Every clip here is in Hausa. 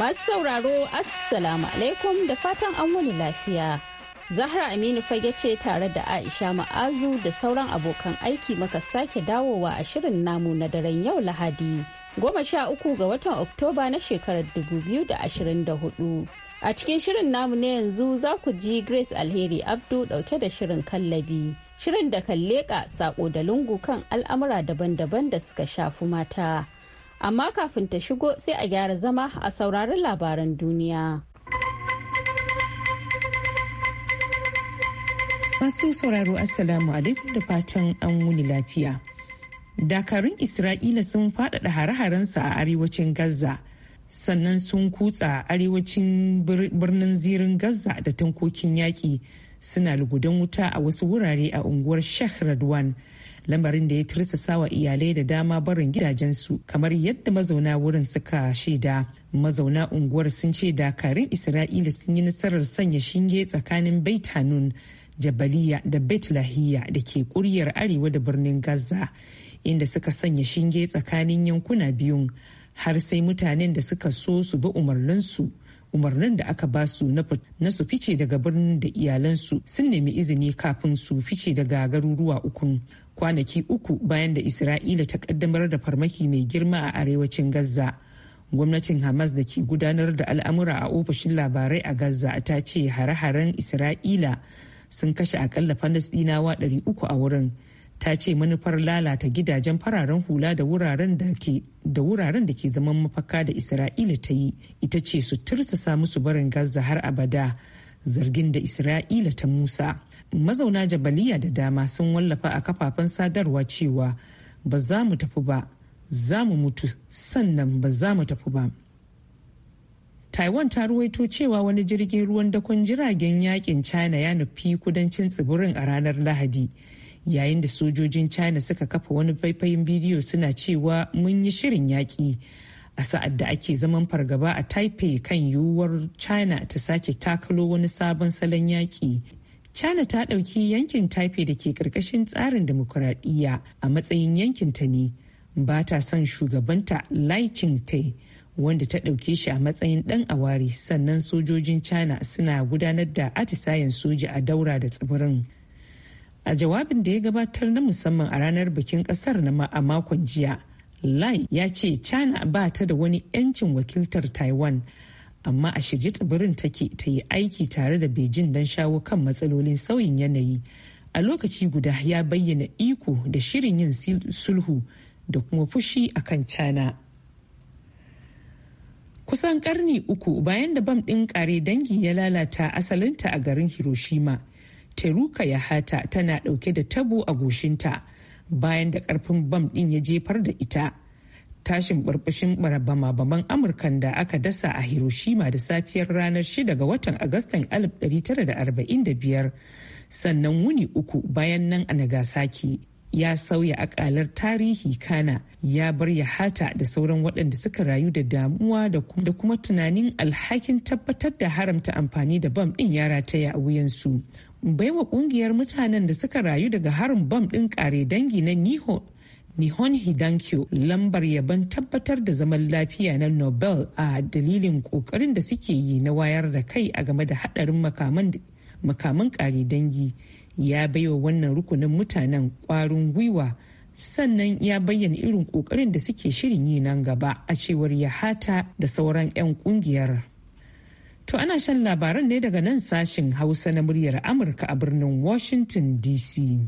Masu sauraro Assalamu alaikum da fatan an wani lafiya. Zahra Aminu fage ce tare da Aisha Ma'azu da sauran abokan aiki maka sake dawowa a shirin namu na daren yau Lahadi. Goma sha uku ga watan Oktoba na shekarar dubu biyu da da ashirin hudu. A cikin shirin namu na yanzu za ku ji Grace Alheri Abdu dauke da shirin kallabi. Shirin da kan leƙa sako da lungu kan al'amura daban-daban da suka shafi mata. amma kafin ta shigo sai a gyara zama a sauraron labaran duniya. Masu sauraro Assalamu alaikum da fatan an wuni lafiya. Dakarun Isra'ila sun faɗaɗa hare-harensa a arewacin Gaza, sannan sun kutsa arewacin birnin zirin Gaza da tankokin yaƙi suna lugudan wuta a wasu wurare a unguwar Sheikh Radwan. lamarin da ya tirsasa wa iyalai da dama barin gidajensu kamar yadda mazauna wurin suka shaida mazauna unguwar sun ce dakarun isra'ila sun yi nasarar sanya shinge tsakanin bait hanun jabaliya da bait lahiya da ke kuryar arewa da birnin gaza inda suka sanya shinge tsakanin yankuna biyun har sai mutanen da suka so su bi umarninsu umarnin da aka ba su na su fice daga birnin da iyalansu sun nemi izini kafin su fice daga garuruwa uku kwanaki uku bayan da isra'ila ta kaddamar da farmaki mai girma a arewacin gaza gwamnatin hamas da ke gudanar da al'amura a ofishin labarai a gaza ta ce hare-haren isra'ila sun kashe akalla falasdinawa 300 a wurin ta ce manufar lalata gidajen fararen hula da wuraren da ke wuraren da ke zaman mafaka da isra'ila ta yi ita ce su tursasa musu barin gaza har abada zargin da isra'ila ta musa mazauna jabaliya da dama sun wallafa a kafafen sadarwa cewa ba za mu tafi ba za mu mutu sannan ba za mu tafi ba taiwan ta ruwaito cewa wani jirgin ruwan dakon jiragen yakin china ya nufi kudancin tsibirin a ranar lahadi yayin da sojojin china suka kafa wani faifayin bidiyo suna cewa mun yi shirin yaƙi a sa'ad da ake zaman fargaba a taipei kan yiwuwar china ta sake takalo wani sabon salon yaƙi china ta ɗauki yankin taipei da ke ƙarƙashin tsarin dimokuraɗiyya a matsayin yankin ta ne ba ta son shugabanta lai tai wanda ta ɗauke shi a matsayin ɗan awari sannan sojojin china suna gudanar da atisayen soja a daura da tsibirin a jawabin da ya gabatar na musamman a ranar bikin kasar na a makon jiya lai ya ce china ba ta da wani 'yancin wakiltar taiwan amma a shirye tsibirin take ta yi aiki tare da beijing don shawo kan matsalolin sauyin yanayi a lokaci guda ya bayyana iko da shirin yin sulhu da kuma fushi a kan china kusan karni uku bayan da bam ɗin kare dangi ya lalata asalinta a garin hiroshima teruka yahata tana ɗauke da tabo a goshinta bayan da ƙarfin bam ɗin ya jefar da ita tashin barbashin bama-baman amurkan da aka dasa a hiroshima da safiyar ranar 6 ga watan agustan 1945 sannan wuni uku bayan nan a nagasaki ya sauya akalar tarihi kana ya bar yahata da sauran waɗanda suka rayu da damuwa da kuma tunanin alhakin tabbatar da haramta amfani da bam ɗin ya rataya a wuyansu baiwa kungiyar mutanen da suka rayu daga harin bom ɗin kare dangi na niho Nihon Hidankyo lambar yaban tabbatar da zaman lafiya na Nobel a dalilin ƙoƙarin da suke yi na wayar da kai a game da haɗarin makaman kare dangi ya baiwa wannan rukunin mutanen ƙwarin gwiwa sannan ya bayyana irin ƙoƙarin da suke shirin yi nan gaba a cewar yahata da sauran 'yan kungiyar. To ana shan labaran ne daga nan sashen Hausa na muryar Amurka a birnin Washington DC.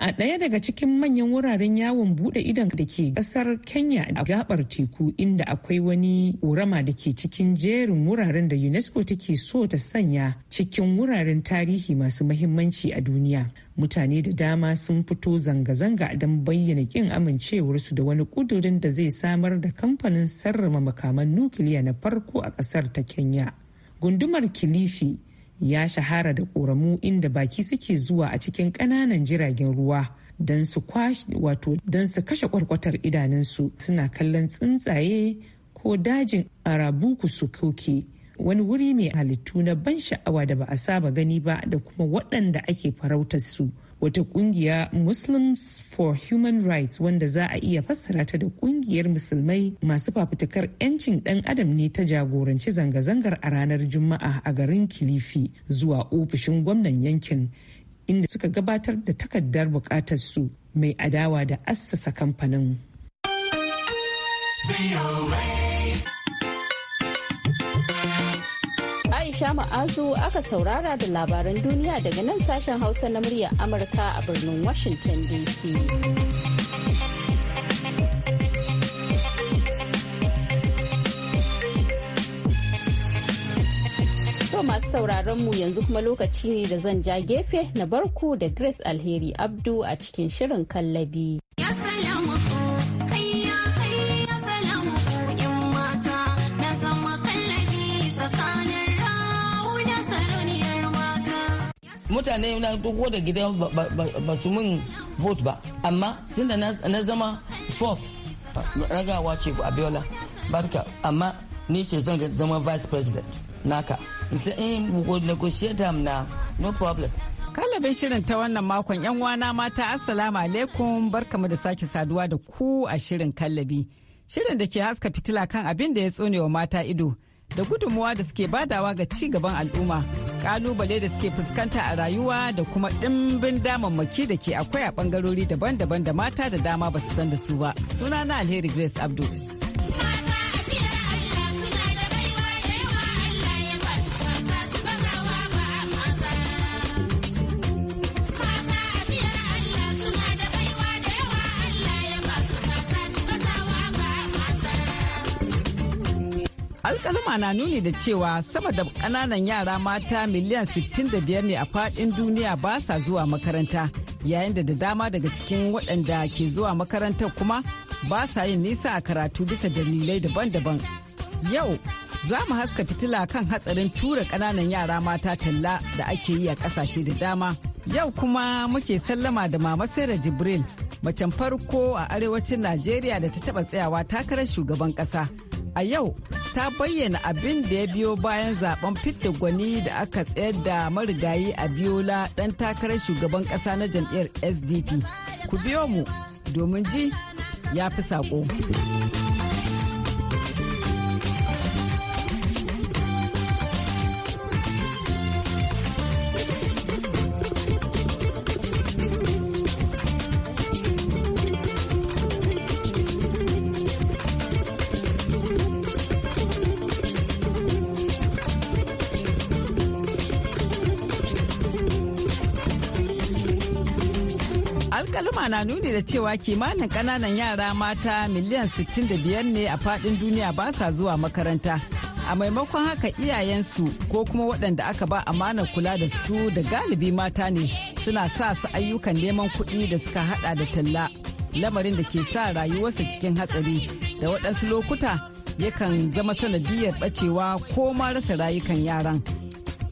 A ɗaya daga cikin manyan wuraren yawon buɗe idon da ke ƙasar Kenya a gabar teku inda akwai wani ƙorama da ke cikin jerin wuraren da UNESCO take so ta sanya cikin wuraren tarihi masu mahimmanci a duniya. mutane da dama sun fito zanga-zanga don bayyana kin amincewarsu da wani kudurin da zai samar da kamfanin sarrama makaman nukiliya na farko a kasar ta kenya gundumar kilifi ya shahara da ƙoramu inda baki suke zuwa a cikin ƙananan jiragen ruwa don su kashe kwarkwatar idanunsu suna kallon tsuntsaye ko dajin arabuku su koke wani wuri mai halittu na ban sha'awa da ba a saba gani ba da kuma waɗanda ake farautar su. wata ƙungiya Muslims for Human Rights wanda za a iya fassara ta da ƙungiyar musulmai masu fafutukar 'yancin ɗan adam ne ta jagoranci zanga-zangar a ranar Juma'a a garin Kilifi zuwa ofishin gwamnan yankin inda suka gabatar da takardar bukatar su mai adawa da assasa kamfanin. Aisha Ma'azu aka saurara da labaran duniya daga nan sashen Hausa na murya Amurka a birnin Washington DC. To masu sauraron mu yanzu kuma lokaci ne da zan ja gefe na barku da Grace Alheri Abdu a cikin shirin kallabi. mutane na dogo da gida ba su mun vote ba amma tunda na zama fourth ragawa ce biola barka amma ni ce zan zama vice president naka isa in negotiate am na no problem kallabin shirin ta wannan makon yan wana mata assalamu alaikum barkamu da sake saduwa da ku a shirin kallabi shirin da ke haska fitila kan abin da ya tsone wa mata ido da gudunmuwa da suke badawa ga ci gaban al'umma kalubale da suke fuskanta a rayuwa da kuma ɗimbin damammaki da ke akwai a bangarori daban-daban da mata da dama ba su san da su ba. Sunana Alheri Grace Abdul. alkaluma na nuni da cewa sama da kananan yara mata miliyan 65 ne a fadin duniya ba sa zuwa makaranta yayin da da dama daga cikin waɗanda ke zuwa makarantar kuma ba sa yin nisa a karatu bisa dalilai daban-daban yau za mu haska fitila kan hatsarin tura kananan yara mata talla da ake yi a ƙasashe da dama yau kuma muke sallama da mama sarah jibril macen farko a arewacin najeriya da ta taɓa tsayawa takarar shugaban ƙasa a yau ta bayyana abin da ya biyo bayan zaben fidda gwani da aka tsayar da marigayi a biola dan takarar shugaban kasa na jam'iyyar sdp ku biyo mu domin ji ya fi saƙo. na nuni da cewa kimanin kananan yara mata miliyan 65 ne a faɗin duniya ba sa zuwa makaranta. A maimakon haka iyayensu ko kuma waɗanda aka ba amanar kula da su da galibi mata ne suna sa su ayyukan neman kuɗi da suka haɗa da talla. Lamarin da ke sa rayuwarsa cikin hatsari da waɗansu lokuta yakan zama sanadiyar ɓacewa ko ma rasa rayukan yaran.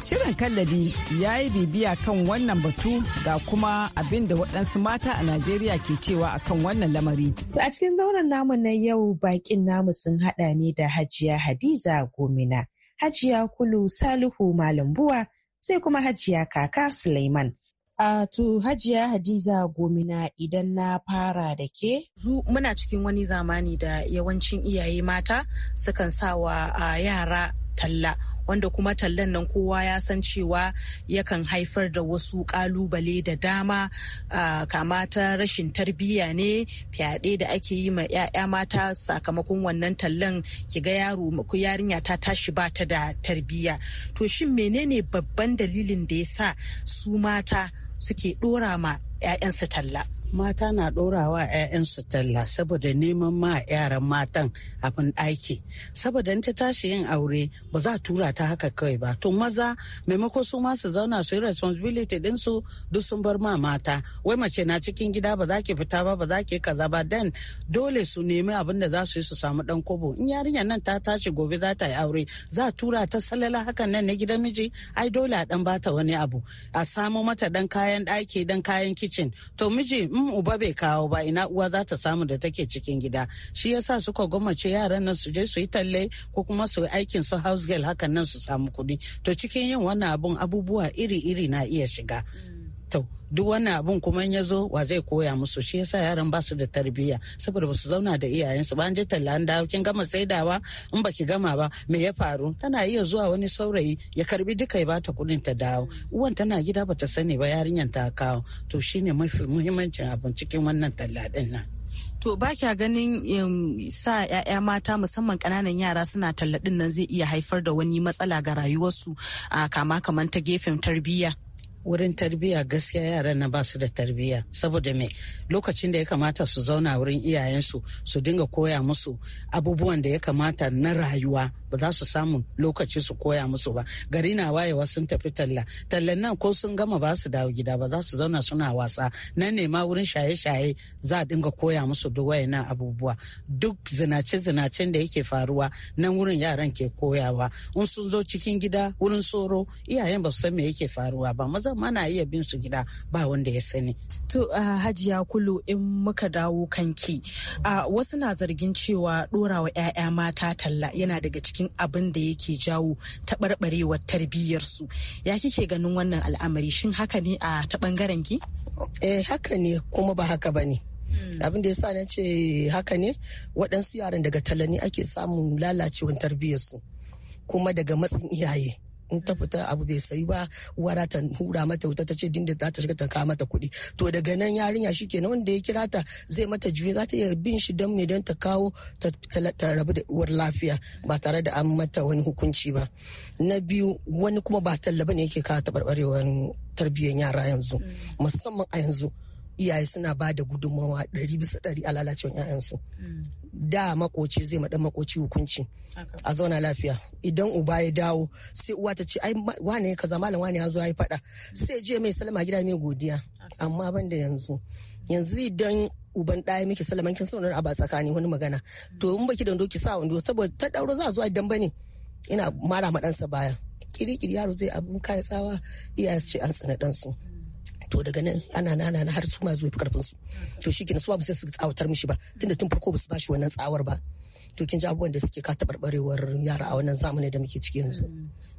Shirin kallabi ya yi bibiya kan wannan batu ga kuma abin da waɗansu mata a Najeriya ke cewa akan wannan lamari. A cikin zauren namu na yau bakin namu sun haɗa ne da Hajiya Hadiza Gomina, Hajiya Kulu Salihu Malambuwa, sai kuma Hajiya Kaka Suleiman. A to Hajiya Hadiza Gomina idan na fara da ke. Muna cikin wani zamani da yawancin iyaye mata sukan sawa a yara talla wanda kuma tallan nan kowa ya san cewa yakan haifar da wasu kalubale da dama kama ta rashin tarbiyya ne fyaɗe da ake yi ma 'ya'ya mata sakamakon wannan tallan ki ga yaro ku yarinya ta tashi ba ta da tarbiyya to shin menene babban dalilin da ya sa su mata suke ɗora ma 'ya'yansu talla mata na ɗorawa 'ya'yansu talla saboda neman ma yaran matan abin aiki saboda in ta tashi yin aure ba za a tura ta haka kawai ba to maza maimako su ma su zauna su yi responsibility su duk sun bar ma mata wai mace na cikin gida ba za ki fita ba ba za ki kaza ba dan dole su nemi abin da za su yi su samu dan kobo in yarinya nan ta tashi gobe za ta yi aure za a tura ta salala hakan nan na gidan miji ai dole a dan bata wani abu a samo mata dan kayan ɗaki dan kayan kicin to miji in uba bai kawo ba ina uwa za ta samu da take cikin gida shi yasa suka gwamace yaran nan su je su yi talle ko kuma su yi aikin su house girl hakan nan su samu kuɗi to cikin yin wannan abun abubuwa iri-iri na iya shiga. to duk wannan abun kuma ya zo wa zai koya musu shi yasa yaran basu da tarbiyya saboda basu zauna da iyayensu ba an je talla an dawo kin gama saidawa in baki gama ba me ya faru tana iya zuwa wani saurayi ya karbi duka ya bata kudin ta dawo uwan tana gida bata sani ba yarinyan ta kawo to shine mafi muhimmancin abun cikin wannan talla din nan to ba kya ganin sa 'ya'ya mata musamman kananan yara suna talla din nan zai iya haifar da wani matsala ga rayuwarsu a kama kaman ta gefen tarbiyya wurin tarbiyya gaskiya yaran na basu da tarbiyya saboda me lokacin da ya kamata su zauna wurin iyayensu su dinga koya musu abubuwan da ya kamata na rayuwa ba za su samu lokaci su koya musu ba gari na wayewa sun tafi talla tallan nan ko sun gama ba su dawo gida ba za su zauna suna wasa nan ne ma wurin shaye-shaye za dinga koya musu duk wayannan abubuwa duk zinace-zinacen da yake faruwa nan wurin yaran ke koyawa in sun zo cikin gida wurin tsoro iyayen ba su san me yake faruwa ba maza mana iya bin su gida ba wanda ya sani. To uh, Hajiya Kulu in muka dawo kanki uh, wasu na zargin cewa ɗorawa 'ya'ya mata talla yana daga cikin abin da yake jawo taɓarɓarewar tarbiyyarsu. Ya kike ganin wannan al'amari shin haka ne a ta ɓangaren ki? Eh haka ne kuma ba haka ba ne. Hmm. abin da ya sa na ce haka ne waɗansu yaran daga talani ake samun lalacewar tarbiyyarsu kuma daga matsin iyaye in ta fita abu bai sayi ba uwa da ta hura mata wuta ta ce dinda za ta shiga ta kawo mata kuɗi to daga nan yarinya shi shikenan wanda ya kira ta zai mata juye za ta iya bin shi don me don ta kawo ta rabu da uwar lafiya ba tare da an mata wani hukunci ba na biyu wani kuma ba talla ne yake kawo taɓarɓarewar tarbiyyar yara yanzu mm. musamman a yanzu iyaye suna ba da gudunmawa ɗari bisa ɗari a lalacewar 'ya'yansu mm. da makoci zai maɗa makoci hukunci a zauna lafiya idan uba ya dawo sai uwa ta ce ai wane kaza malam wane ya zo ya yi faɗa mm. sai je mai salama gida mai godiya amma ban da yanzu yanzu idan uban ɗaya miki salaman kin sanar a ba tsakani wani magana mm. to in baki da wando ki sa wando saboda ta ɗauro za a zo a bane ina mara ma ɗansa baya kiri-kiri yaro zai abin kaya tsawa iyaye ce an tsana ɗansu. to daga nan ana nana na har su ma zuwa karfin su to shi kina su ba su tsawatar mishi ba tunda tun farko ba su ba shi wannan tsawar ba to kin ji abubuwan da suke ka tabarbarewar yara a wannan zamanin da muke ciki yanzu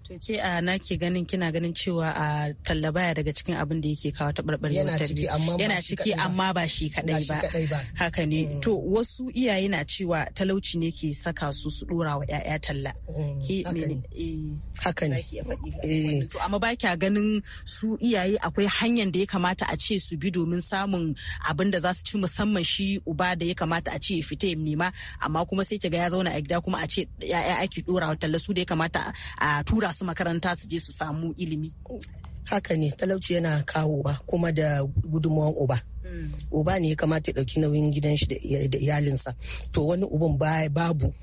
To ke a na ke ganin kina ganin cewa a talla baya daga cikin abin da yake kawo taɓarɓarewar tarbiyya. Yana ciki amma ba shi kaɗai ba. Haka ne. Mm. To wasu iyaye na cewa talauci ne ke saka su su ɗora wa 'ya'ya talla. Mm. Eh. Haka ne. Eh. To amma ba kya ganin su iyaye akwai hanyar da ya kamata a ce su bi domin samun abin da za su ci musamman shi uba da ya kamata a ce ya fita ya nema amma kuma sai kiga ya zauna a gida kuma a ce 'ya'ya ake ɗora wa talla su da ya kamata a tura su makaranta su je su samu ilimi haka ne talauci yana kawowa kuma da gudunmawan uba mm. uba ne ya kamata ya ɗauki nauyin gidan shi da iyalinsa to wani uban babu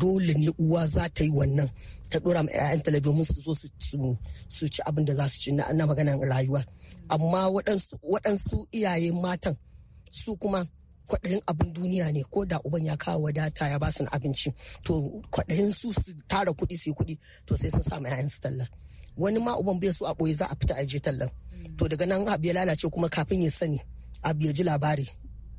dole ne uwa za ta yi wannan ta ɗora ma 'ya'yan talabijin su zo su ci abin da za su ci na maganan rayuwa amma waɗansu iyaye matan su kuma kwaɗayin abin duniya ne ko da uban ya kawo wadata ya ba su abinci to kwaɗayin su su tara kuɗi su yi kuɗi to sai sun samu 'ya'yan su tallan wani ma uban bai so a ɓoye za a fita a je tallan mm. to daga nan abu ya lalace kuma kafin ya sani abu ya ji labari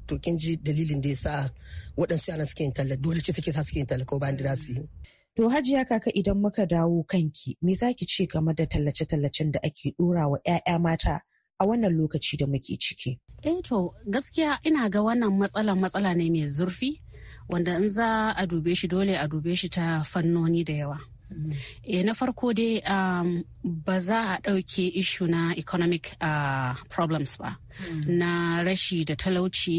to kin ji dalilin da ya sa waɗansu yana suke yin tallan dole ce take sa suke yin tallan ko bayan da su yi. To hajiya kaka idan muka dawo kanki me zaki ce game da tallace-tallacen da ake ɗora wa 'ya'ya mata a wannan lokaci da muke ciki. Eh to gaskiya ina ga wannan matsala matsala ne mai zurfi wanda in za a dube shi dole a dube shi ta fannoni da yawa. Mm e, na farko dai um, ba za a ɗauke ishu na economic uh, problems ba mm. na rashi da talauci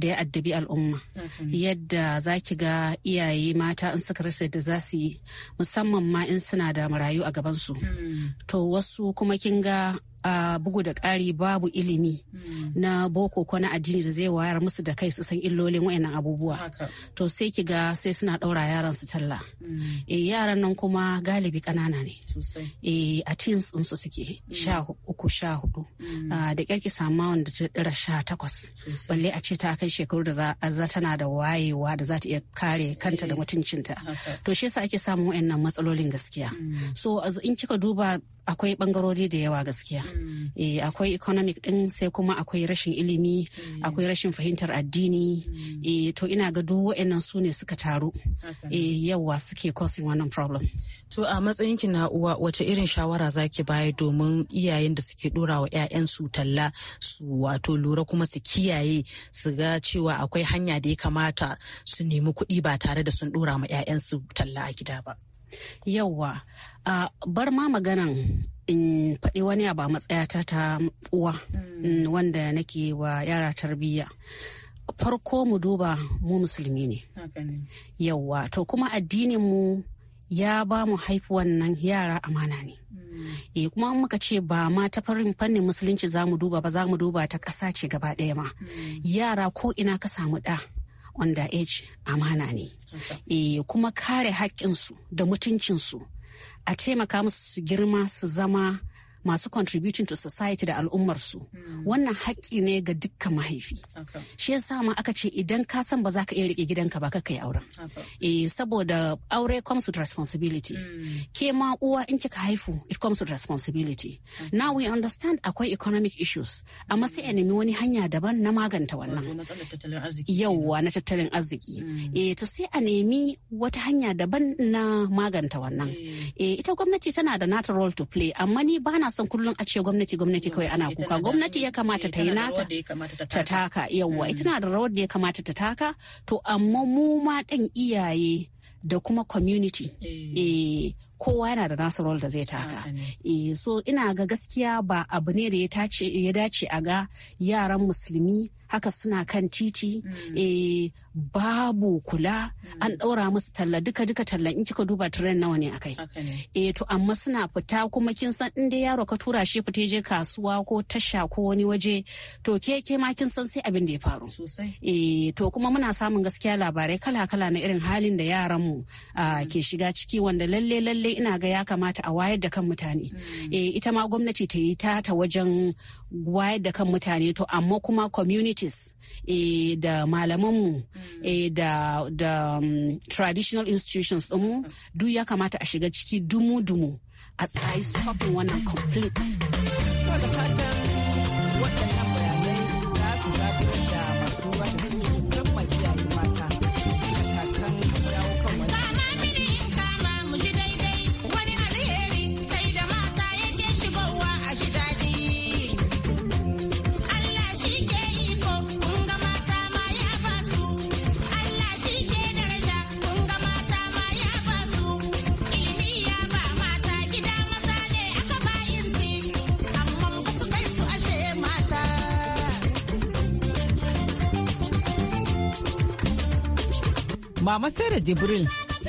da ya addabi al'umma mm-hmm. yadda za ki ga iyaye mata in suka rasa da za su yi musamman ma in suna da marayu a gabansu mm. to wasu kuma kin ga a bugu da ƙari babu ilimi hmm. na boko ko na addini da zai wayar musu da kai su san illolin wayannan abubuwa to sai ki ga sai suna ɗaura yaran su talla e, yaran nan kuma galibi ƙanana ne e, a teens su suke hmm. sha uku sha hudu ah, da ƙyar ki sama wanda ta ɗira sha takwas balle a ce ta kai shekaru da za tana da wayewa da za ta iya kare kanta da eh, mutuncinta to shi yasa ake samun wayannan matsalolin gaskiya so in kika duba akwai bangarori da yawa gaskiya mm. eh, akwai economic din sai kuma akwai rashin ilimi mm. akwai rashin fahimtar addini mm. eh, to ina ga duk wa'annan su ne suka taru eh, yawa suke causing wannan problem to a matsayin ki na uwa wace irin shawara zaki baya domin iyayen da suke dora wa 'ya'yansu talla su wato lura kuma su kiyaye su ga cewa akwai hanya da ya kamata su nemi kuɗi ba tare da sun dora ma 'ya'yansu talla a gida ba Yauwa, a bar ma maganan in faɗi wani abu a matsayata ta uwa mm. Mm, wanda nake wa yara tarbiyya. Farko mu duba mu musulmi ne. Yauwa, to kuma addinin mu ya ba mu haifu wannan yara amana ne. e kuma muka ce ba ma ta farin fannin musulunci za mu duba ba za mu duba ta ƙasa ce gaba ɗaya ma yara ko ina ka samu ɗa underage amana ne e, kuma kare haƙƙinsu da mutuncinsu a taimaka musu su girma su zama masu contributing to society da al'ummarsu hmm. wannan haƙƙi ne ga dukkan mahaifi shi yasa ma aka ce idan ka san ba za ka iya rike gidanka ba kai auren eh saboda aure comes with responsibility hmm. ke ma uwa in kika haifu it comes with responsibility now we understand akwai economic issues amma sai a hmm. nemi wani hanya daban na maganta wannan yauwa na tattalin arziki eh to sai a nemi wata hanya daban na maganta wannan eh, eh ita gwamnati tana da natural role to play amma ni bana son kullum a ce gwamnati gwamnati kawai ana kuka gwamnati ya kamata ta yi nata ta taka yawwa ita mm. da rawar da ya kamata ta taka to amma mu ma dan iyaye da kuma community e, kowa yana da nasa rol da zai taka eh so ina ga gaskiya ba abu ne da ya dace a ga yaran musulmi haka suna kan titi mm. eh, babu kula mm. an ɗaura musu talla duka duka talla in kika duba tren nawa ne akai e eh, to amma suna fita kuma kin san in dai yaro ka tura shi fita je kasuwa ko tasha ko wani waje to ke ke ma kin san sai abin da ya faru eh to kuma muna samun gaskiya labarai kala kala na irin halin da yaran mu mm. ke shiga ciki wanda lalle lalle ina ga ya kamata a wayar da kan mutane eh ita ma gwamnati ta yi ta ta wajen wayar da kan mutane to amma kuma community coaches e, eh, da malamanmu e, da, da um, traditional institutions ɗinmu mm. duk ya kamata a shiga ciki dumu-dumu a tsayi stopping wannan complete Mama Sara Jibril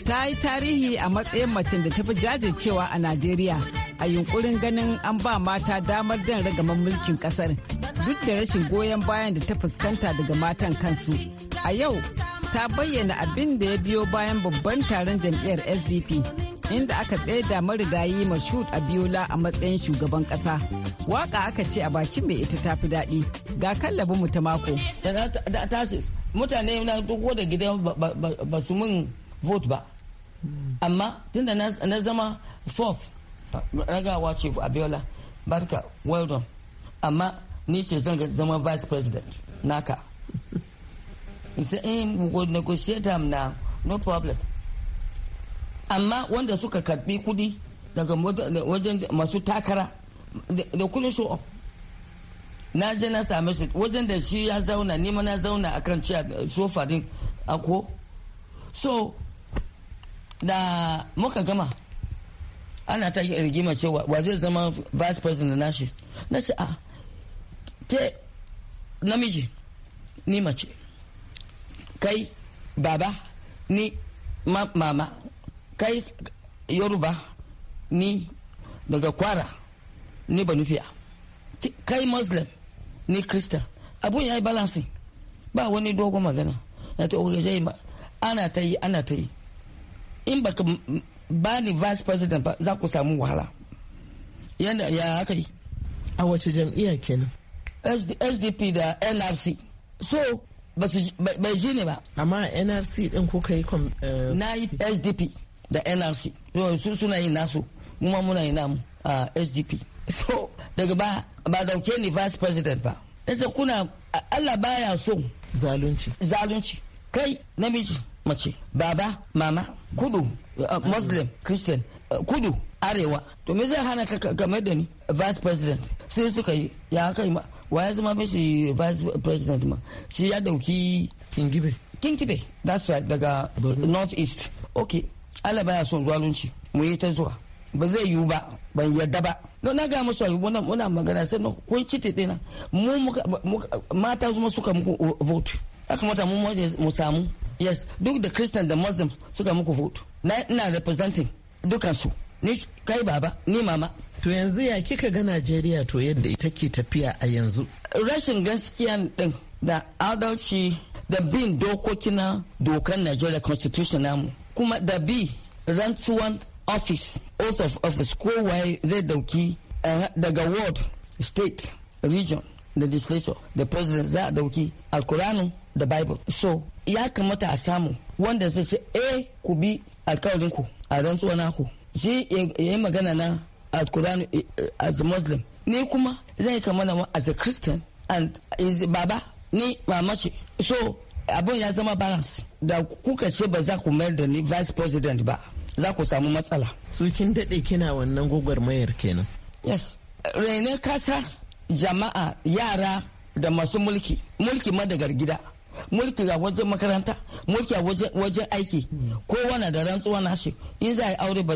ta yi tarihi a matsayin macen da ta fi jajircewa a Najeriya a yunkurin ganin an ba mata damar jan ragaman mulkin kasar duk da rashin goyon bayan da ta fuskanta daga matan kansu. A yau ta bayyana abin da ya biyo bayan babban taron jam'iyyar SDP inda aka tsaida marigayi mashud abiola a matsayin shugaban kasa waka aka ce a bakin mai ita tafi daɗi ga kallabi mu ta mako mutane na dogo da gida ba su mun vote ba amma tunda na zama fourth ragawa ce abiola barka well done amma ni ce zan zama vice president naka isa in negotiate am na no problem amma wanda suka karbi kudi daga wajen masu takara da kudin show na je na same shi wajen da shi ya zauna nima na zauna akan ciya sofa din ako so da muka gama ana ta rigima cewa wa zai zama vice president na shi na shi a ah, ke namiji ni mace kai baba ni mama kai yoruba ni daga kwara ni banufiya kai muslim ni krista abun ya yi balansi ba wani dogon magana na ta ogaje ana ta yi ana ta yi in ba ka ba ni vice president ba za ku samu wahala yadda ya haka yi a wace jam'iyya kenan sdp da nrc so ba su bai ne ba amma nrc din kai kom. Eh, na yi sdp da nrc su suna yin nasu kuma muna yin namu a sdp so daga ba ba dauke ni vice president ba yasa kuna allah baya so zalunci zalunci kai namiji mace baba mama kudu uh, muslim christian uh, kudu arewa to me zai hana ka game da ni vice president sai suka yi ya kai ma wa ya zama mishi vice president ma shi ya dauki kingibe kingibe that's right daga north east okay Allah baya son zalunci mu yi ta zuwa ba zai yiwu ba ban yarda ba no na ga musu wannan muna magana sai kun ci tete na mu mata zuma suka muku vote aka mata mu mu samu yes duk da christian da muslim suka muku vote na ina representing su ni kai baba ni mama to yanzu ya kika ga Najeriya to yadda ita ke tafiya a yanzu rashin gaskiya din da adalci da bin dokokin dokan Najeriya constitution namu kuma da b rantsuwan office oath of office kowai zai dauki eh, daga ward state region da legislature da president za a dauki alkuranu da bible so ya kamata a samu wanda zai ce A eh, ku bi alkawarinku a rantsuwa naku shi ya yi magana na alkuranu eh, as a muslim ni kuma zai kama da as a christian and is baba ni mama ce so abin ya zama balance da kuka ce ba za ku mayar da ni vice president ba za ku samu matsala so kin daɗe kina wannan gwagwarmayar kenan yes rene kasa jama'a yara da masu mulki mulki madagar gida mulki a wajen makaranta mulki a wajen aiki kowane da rantsuwa na shi in za a yi aure ba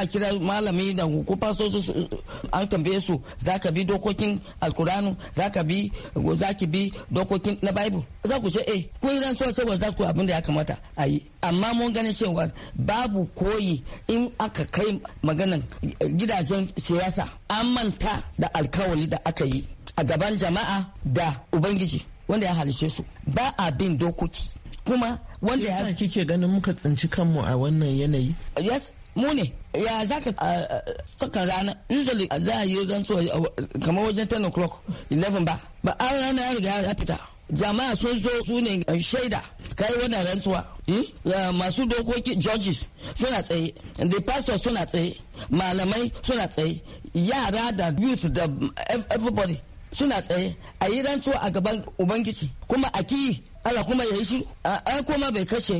a kira malami da ko fastoci an tambaye su za ka bi dokokin alkuranu za ka bi za ki bi dokokin na bible za ku ce eh ko yi rantsuwa cewa za ku abin da ya kamata a yi amma mun ganin cewa babu koyi in aka kai maganan gidajen siyasa an manta da alkawali da aka yi a gaban jama'a da ubangiji wanda ya halishe su ba a bin dokoki kuma wanda ya kike ganin muka tsinci kanmu a wannan yanayi yes mu ne ya za ka tsakan rana usually za a yi rantsuwa kamar wajen 10 o'clock 11 ba ba a rana ya riga ya fita jama'a sun zo su ne shaida kai wannan rantsuwa hmm? masu dokoki judges suna tsaye the pastor suna tsaye malamai suna tsaye yara da youth da everybody suna tsaye a yi rantsuwa a gaban ubangiji kuma a ki Allah kuma ya yi shi a kuma bai kashe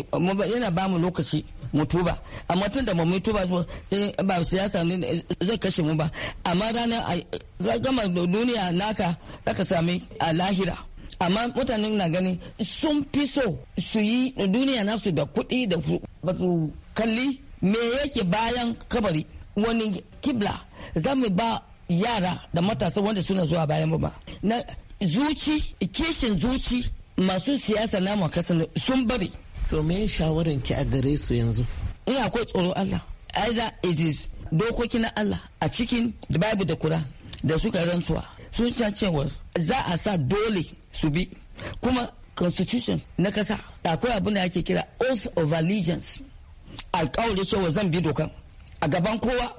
yana ba mu lokaci mutu ba amma tun da ba mutu eh, ba ba siyasa ne eh, zai kashe mu ba amma ranar gama duniya naka zaka sami a lahira amma mutanen na gani sun fi so su yi duniya nasu da kuɗi da ba su kalli me yake bayan kabari wani kibla za mu ba yara da matasa wanda suna zuwa bayan mu ba na zuci kishin zuci masu siyasa na kasa sun bari so me shawarar ki a gare su yanzu in akwai tsoro Allah either it is dokoki na Allah a cikin Bible da Kura da suka rantsuwa sun san cewa za a sa dole su bi kuma constitution na kasa akwai abin da ake kira oath of allegiance alkawari cewa zan bi dokan a gaban kowa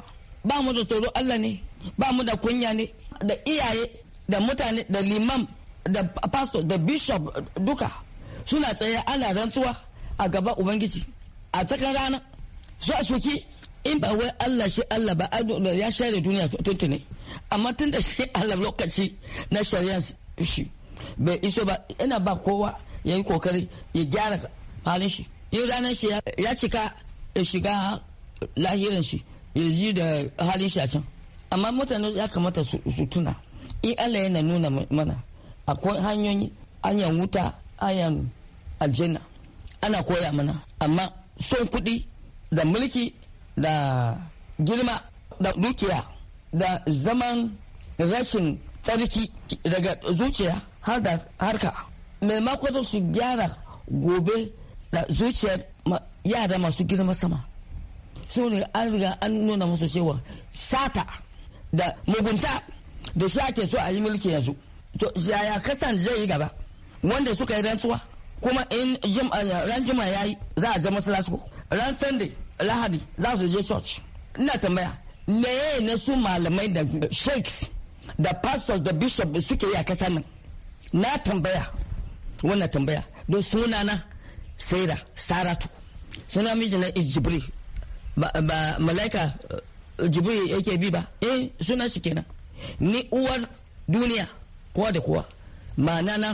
ba mu da tsoro Allah ne ba mu da kunya ne da iyaye da mutane da limam da pastor da bishop duka suna tsaye ana rantsuwa a gaba ubangiji a cikin rana su a soki in ba wai Allah shi Allah ba ya share duniya tuntune amma tun da shi Allah lokaci na shari'a shi bai iso ba yana ba kowa ya yi kokari ya gyara halin shi yin ranar shi ya cika ya shiga lahirin shi ya ji da halin shi a can amma mutane ya kamata su tuna in allah yana nuna mana akwai hanyoyi hanyar wuta hanyar aljanna ana koya mana amma son kuɗi da mulki da girma da dukiya da zaman rashin tsarki daga zuciya har da harka maimakon su gyara gobe da zuciyar yara masu girma sama su ne an riga an nuna musu cewa sata da mugunta da shi ake so a yi mulki yanzu to yaya kasan zai yi gaba wanda suka yi rantsuwa kuma in eh, ran juma ya yi za a je masallaci ran sunday lahadi za su je church ina tambaya meye na su malamai da sheikhs da pastors da bishop suke yi a kasan nan na tambaya wannan tambaya don na saira saratu suna mijina na Jibri ba malaika jibril yake bi ba eh suna shi kenan ni uwar duniya kowa da kowa ma'ana na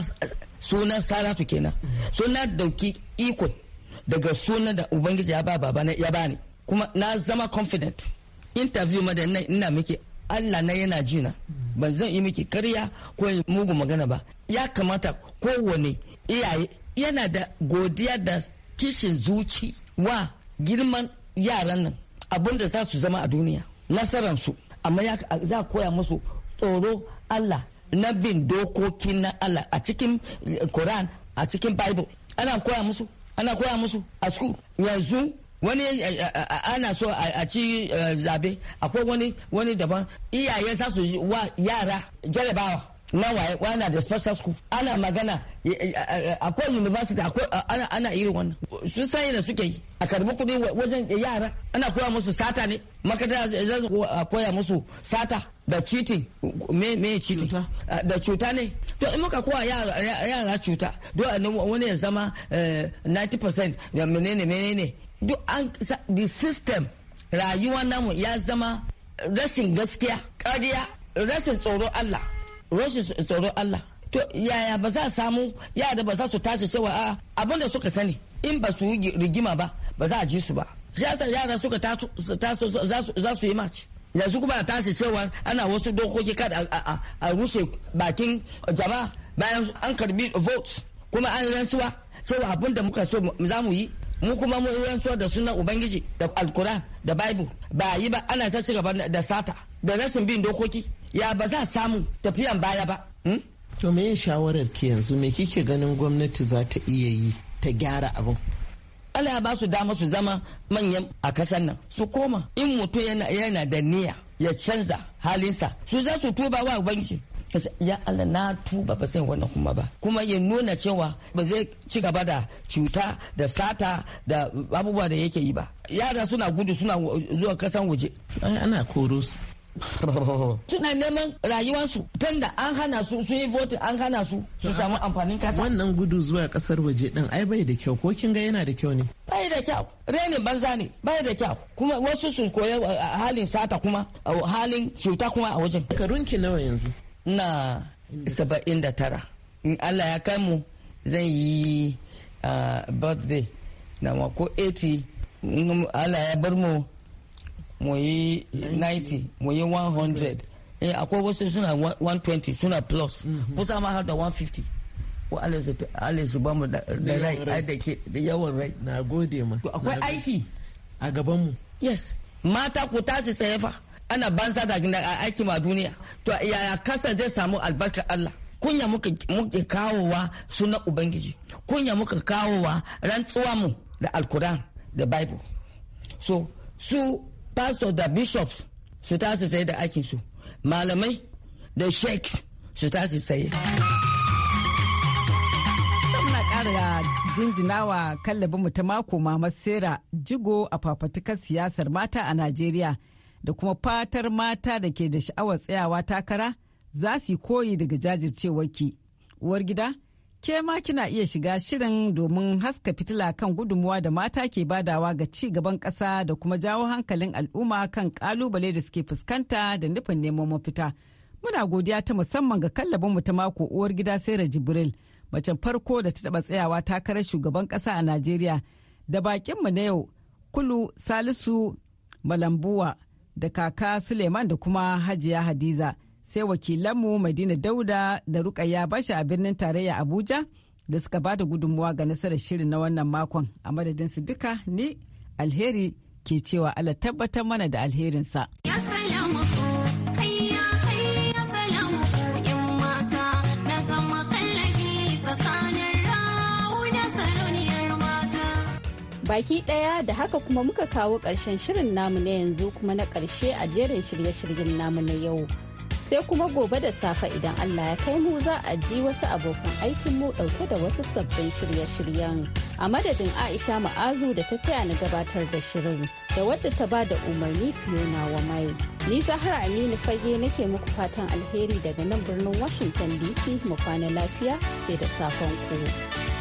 sunan saratu kenan suna dauki ikon daga sunan da ubangiji ya ba baba ya bani kuma na zama confident interview ma da ina miki Allah na yana jina ban zan yi miki karya ko mugun magana ba ya kamata kowane iyaye yana da godiya da kishin zuci wa girman yaran nan abin da za su zama a duniya nasararsu amma za a koya musu tsoro Allah na bin dokoki na Allah a cikin eh, Quran a cikin Bible ana koya musu ana koya musu a school yanzu wani eh, eh, ana so a ci zabe akwai wani wani daban iyaye za su wa yara jarabawa na waye wana da special school ana magana eh, eh, eh, akwai university akwai ana irin wannan sun sai da suke yi a karbi kuɗi wajen yara ana koya musu sata ne makaranta su koya musu sata da cheating me me cheating ah, da cuta ne to in muka kowa yara cuta dole wani ya zama 90% ya menene menene Do an the system rayuwa namu ya zama rashin gaskiya kariya rashin tsoro Allah rashin tsoron Allah to yaya ba za a samu yaya da ba za su tashi cewa a ah, abin da suka sani in ba su rigima ba ba za a ji su ba shi yasa yara suka taso za su yi maci yanzu kuma a tashi cewa ana wasu dokoki kada a rushe bakin jama'a bayan an karbi vote kuma an rantsuwa sai abin da muka so za mu yi mu kuma mu rantsuwa da sunan ubangiji da alkura da bible ba yi ba ana sa ci gaba da sata da rashin bin dokoki ya ba za samu tafiyan baya ba hmm? to me shawarar ki yanzu me kike ganin gwamnati za ta iya yi ta gyara abin Allah ya ba su dama su zama manyan a kasar nan su koma in mutum yana da niyya ya canza halinsa su za su tuba wa ubangiji ya Allah na tuba ba sai wannan kuma ba kuma ya nuna cewa ba zai ci gaba da cuta da sata da abubuwa da yake yi ba yara suna gudu suna zuwa kasan waje ana koro suna neman rayuwarsu tun da an hana su sun yi votin an hana su su samu amfanin kasa wannan gudu zuwa kasar waje din ai bai da kyau ko kin ga yana da kyau ne bai da kyau renin banza ne bai da kyau kuma wasu sun koya uh, uh, halin sata kuma uh, halin cuta kuma a wajen karunki nawa yanzu na saba'in da tara in allah ya kai mu zan yi birthday na ko 80 allah ya bar mu mu yi 90 mu yi 100 eh akwai wasu suna 120 suna plus mhm. kusa ma har da 150 ko Allah ba mu da rai ai da ke da yawan rai na gode ma akwai aiki a gaban mu yes mata ku tashi tsaye fa ana sa da aiki ma duniya to yaya kasa zai samu albarka Allah kunya muka kawowa sunan ubangiji kunya muka kawowa rantsuwa mu da Alquran da bible so su pastor da bishops su tasu sai da ake su malamai da sheikhs su tasu sai ƙara jinjinawa mu ta mako mama sera jigo a fafatukar siyasar mata a najeriya da kuma fatar mata da ke da sha'awar tsayawa takara za su yi koyi daga jajircewarki uwar gida ke ma kina iya shiga shirin domin haska fitila kan gudunmuwa da mata ke badawa ga ci gaban ƙasa da kuma jawo hankalin al'umma kan ƙalubale da suke fuskanta da nufin neman mafita. Muna godiya ta musamman ga kallabinmu ta mako uwar gida sai Jibril, macen farko da ta taɓa tsayawa takarar shugaban ƙasa a Najeriya, da baƙinmu na yau Kulu Salisu Malambuwa da kaka Suleiman da kuma Hajiya Hadiza. sai wakilanmu madina dauda da rukayya bashi a birnin tarayya abuja da suka ba da gudunmuwa ga nasarar shirin na wannan makon a madadin su duka ne alheri ke cewa ala tabbatar mana da alherinsa. baki daya da haka kuma muka kawo karshen shirin namu na yanzu kuma na karshe a jerin shirye-shiryen namu na yau sai kuma gobe da safe idan Allah ya kai mu za a ji wasu abokan aikin mu dauke da wasu sabbin shirye-shiryen a madadin Aisha Ma'azu da ta taya ni gabatar da shirin da wadda ta ba da umarni Fiona wa mai ni Zahra Aminu fage nake muku fatan alheri daga nan birnin Washington DC mu kwana lafiya sai da safen ku.